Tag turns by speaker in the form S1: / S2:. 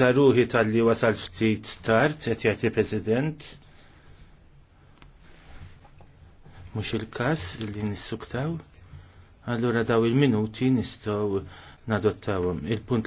S1: Zaruhi tal-li wasal ftit start, qed jagħti President. Mhux il-każ li nissuktaw. Allura daw il-minuti nistgħu nadottawhom. Il-punt